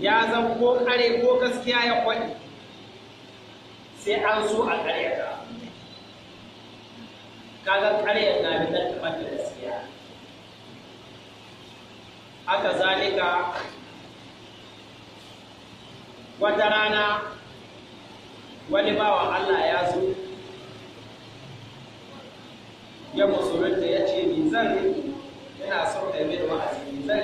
ya zan ko kare ko gaskiya ya kwaɗi sai an so a Ka kaga ya na da kamar da gaskiya haka zalika wata rana wani bawa Allah ya zo ya musulunta ya ce ni zan yana son mai wa'azi ni zan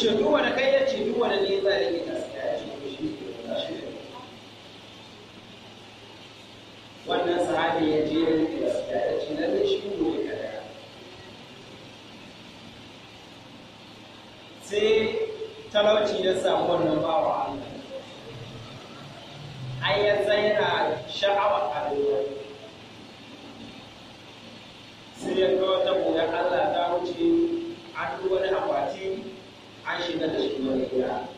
ce duk wani kai ya ce duk wani ne za a yi gaskiya ya ce shi ne wannan sahabi ya je ya yi gaskiya ya ce lalle shi ne kada sai talauci ya samu wannan bawa Allah ai ya zaina sha'awa a rayuwa sai ya ga wata boyar Allah ta wuce an wani akwati Aisyah dan Ismail ya.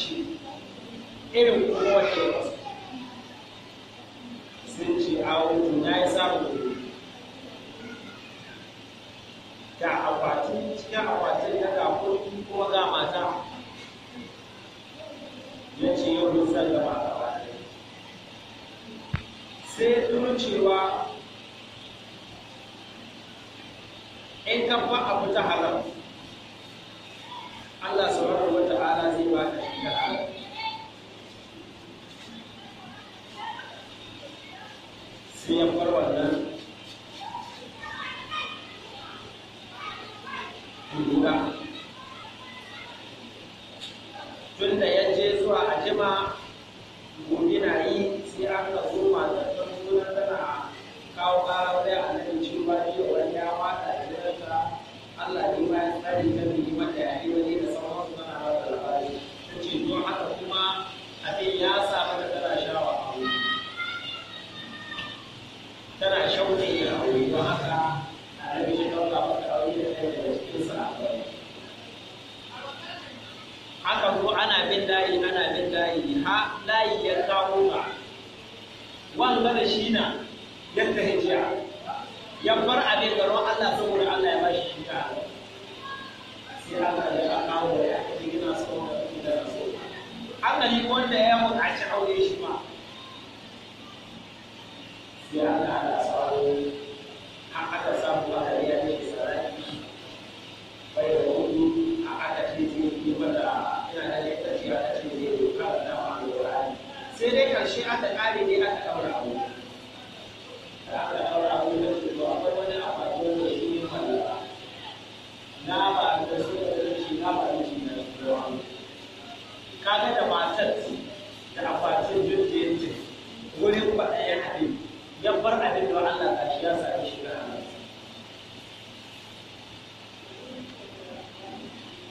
ce irin kuma kowace mace sun ce a awo na ya samu kuɗi ga akwati cikin akwatin da ga kuɗi kuma ga mata ya ce yau da sallama a gaba sai turu cewa in ka ba abu ta tunda ya je zuwa a jima.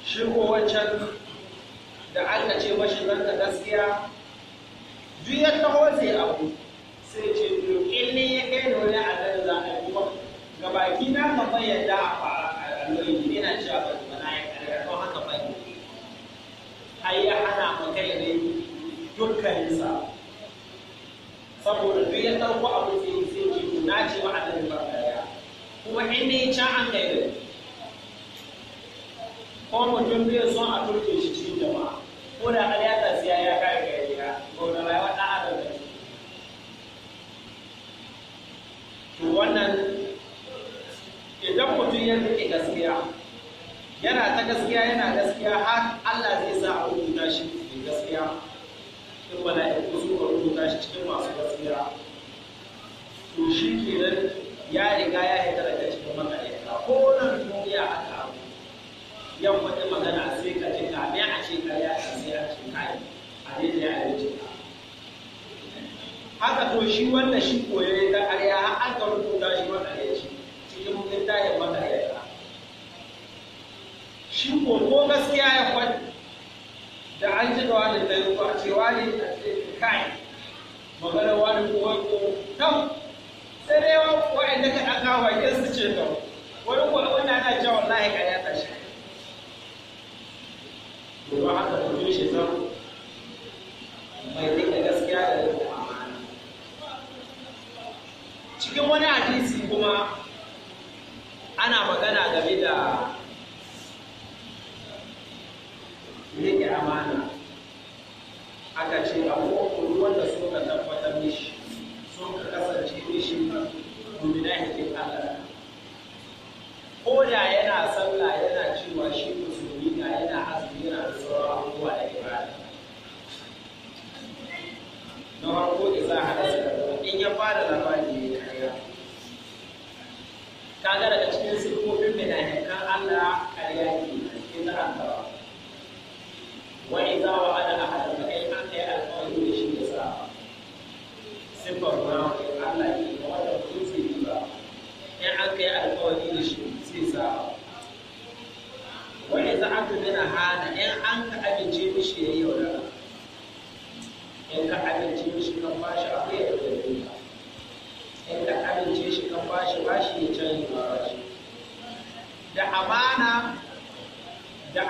shi ko wancan da aka ce mashi nan da gaskiya duk ya taho zai abu sai ce to in ne ya kai wani abin za a yi ga baki na ka bayyana a fara a alwai yana cewa ba ba na ya karya ko haka ba ne har ya hana ma kai ne sa. saboda duk ya ɗauko abu sai sai ce na ce wa annabi ba kuma in ne ya ci an kai ko mutum zai son a turke shi cikin jama'a ko da har ya tasiya ya kare gari ya ko da rayuwa ɗan adam da to wannan idan mutum ya rike gaskiya yana ta gaskiya yana gaskiya har Allah zai sa a rubuta shi cikin gaskiya in mala'iku suka rubuta shi cikin masu gaskiya to shi kenan ya riga ya hita daga cikin makarita ko nan duniya yau wata magana sai ka ji kame a ce karya ce sai a ce kai a ne da ya yi ce haka to shi wanda shi koyo ta karya har aka rubuta shi wanda ya ce cikin mutum ta yi wanda ya yi shi ko ko gaskiya ya faɗi da an ji da wani da yi a ce wani a ce kai magana wani ko wani ko tam sai dai wa'anda ka ɗan kawo bakin su ce tam wani ko wani ana cewa wallahi karya rike amana aka ce a kowane wanda suka tabbatar mishi sun kasance mishi mu'minai ala.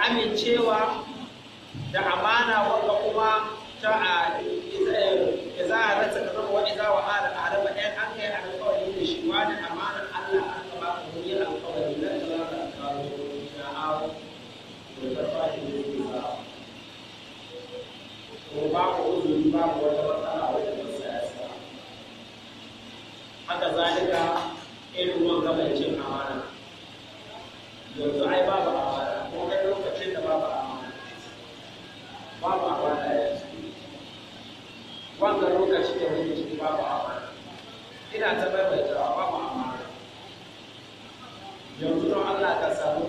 amincewa da amana wanda kuma ta a ya eh, za a rasa da zama wani za wa hada a haraba an kai alkawari da shi wani amanar Allah an ka ba ku yi alkawari na ta za ka kawo da awo da karfa shi ne ke ba ko ba ku uzuri ba ku wata matsala wajen masu yasa haka zalika irin wanga bai amana yanzu ai babu babu amana ya wannan lokaci da wani ciki babu amana ina ta maimaitawa babu yanzu don Allah ka samu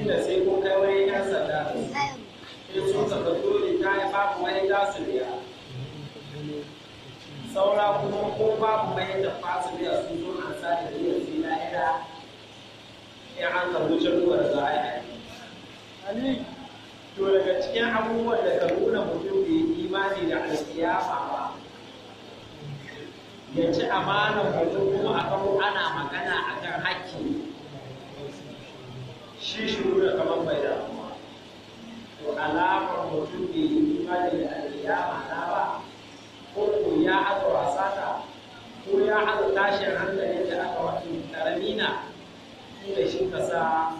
inda sai kun kai wani yan sanda in sun saka dole ta yi babu mai da su saura kuma ko babu mai da fasu biya sun zo an sa da biyan zina ira in an ka wuce ruwa da za a to daga cikin abubuwan da ka nuna mutum da yi imani da alkiyama ba ya ci amanar mutum kuma a ana magana akan hakki shi shuru da kamar bai da to alamar mutum bai yi imani da alkiyama ma'ana ba ko ko ya haɗa wasata ko ya haɗa tashin hankali da aka wato karamina da shi kasa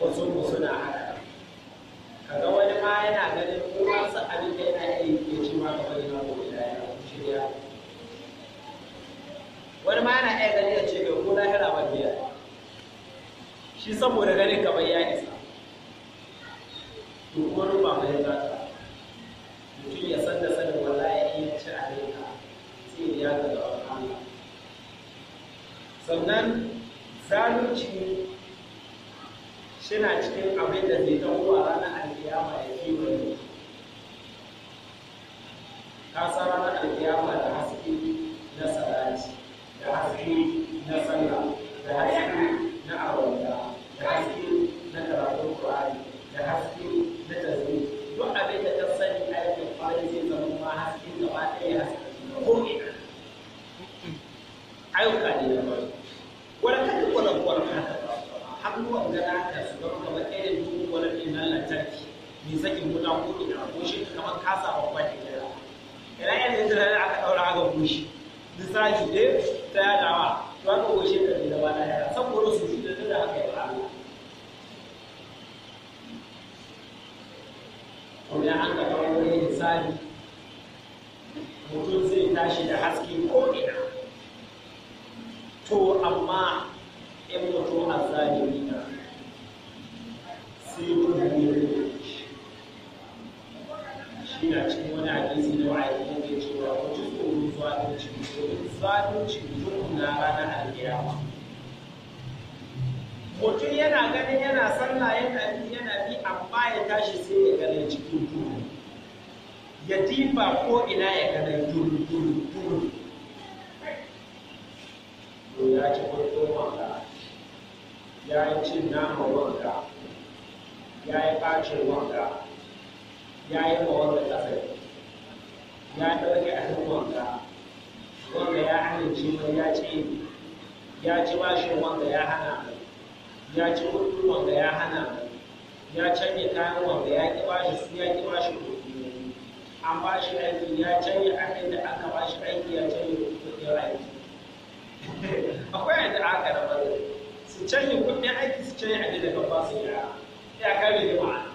wasu mu suna haɗa kaga wani ma yana ganin ko an sa abin da yana yi ke ci ma kamar yana gobe da yana shirya wani ma yana iya ganin ya ce bai ko lahira ba biyar shi saboda ganin kamar ya isa doguwar ba mai ta mutum ya san da sanin wallahi ya ci a ka sai ya ga da Allah sannan zalunci shi na cikin abin da zai ɗauko a tashi ɗaya ta yadawa to haka ko shekaru gaba ɗaya ina cikin wani hadisi na wa'azi da ke cewa wata tsoron zalunci domin zalunci mutum na ranar alkiyama mutum yana ganin yana sallah yana bi yana bi amma ya tashi sai ya ganin cikin duhu ya diba ko ina ya ganin duhu duhu duhu to ya ci kwarto wanka ya yi cin nama wanka ya yi ɓacin wanka ya yi ma wanda ya ɗauke a duk wanda wanda ya amince mai ya ce ya ci bashin wanda ya hana ya ci hudu wanda ya hana ya canye kayan wanda ya ki bashi su ya ki bashi kuɗi an bashi aiki ya canye abin da aka bashi aiki ya canye kuɗin aiki akwai yadda aka rabar su canye kuɗin aiki su canye abin da kan basu ya ya kare da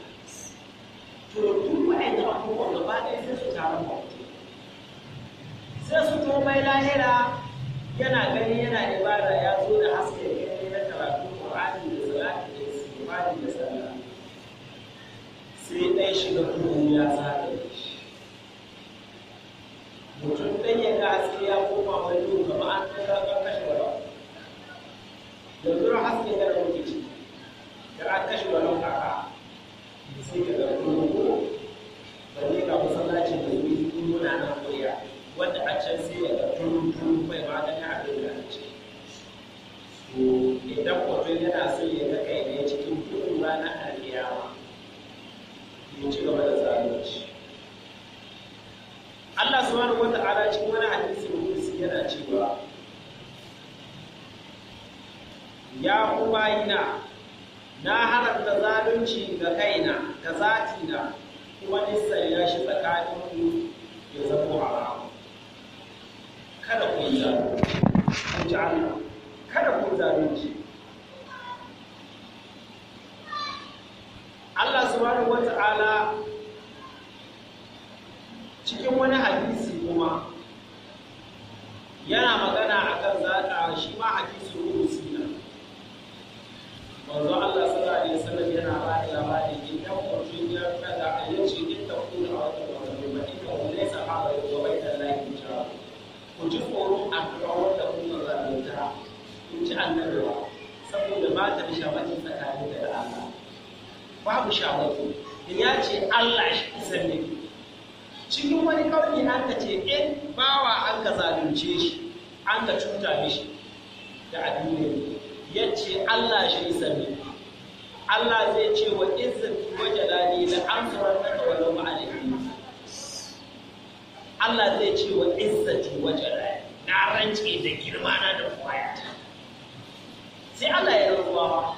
ɗaya sai su taron sai su komai lahira yana gani yana ibada ya zo da haske gani na karatu ƙur'ani da salati da istighfari da sallah sai ɗaya shiga duhu ya zaɓe mutum ɗan ya ga haske ya koma wani duhu an ɗaga an kashe walau yanzu haske da ɗauki ciki da aka kashe walau kaka sai ka ga ya kuma bayina na haramta zalunci ga kaina ga na, kuma nisan ya shi tsakanin ku ya zama haramu kada ku yi zalunci ku ji kada ku zalunci Allah subhanahu wata'ala cikin wani hadisi kuma yana magana akan zata shi ma hadisi manzo Allah sallallahu alaihi wasallam yana ba da labari in dan kurjin ya kada a yace in ta kuna a wata wani ba in ta ne sahaba ya zo bai dan lafi ta ku ji tsoro a kawar da kuma zalunta in ji annabawa saboda ba ta da shawaki tsakanin da Allah babu shawaki in ya ce Allah shi sanne cikin wani kauli an ka ce in eh, bawa an ka zalunce shi an ka cuta mishi da addinin ya ce Allah shi sami Allah zai ce wa izzati wa jalali la amsara ka wa lam alayhi Allah zai ce wa izzati wa jalali na rance da girma na da kwayata sai Allah ya rubuwa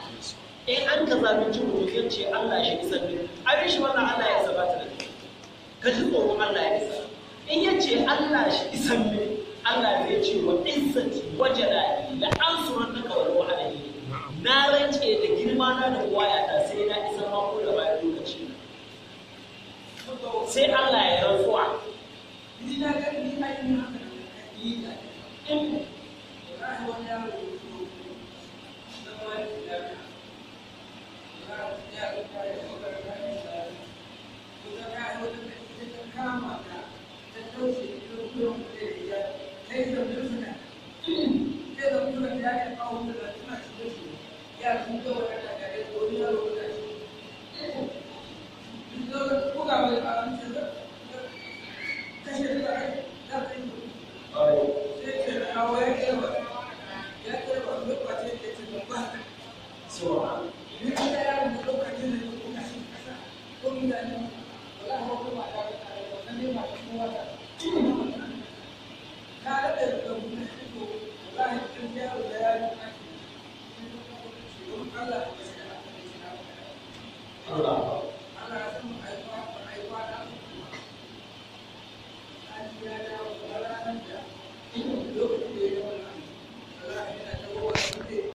in an ka zabi cin mutum ce Allah shi isa ne abin shi wannan Allah ya saba ta da ka ji tsoron Allah ya isa in ya ce Allah shi isa ne Allah zai ce wa izzati wa jalali na. sai Allah ya rantsuwa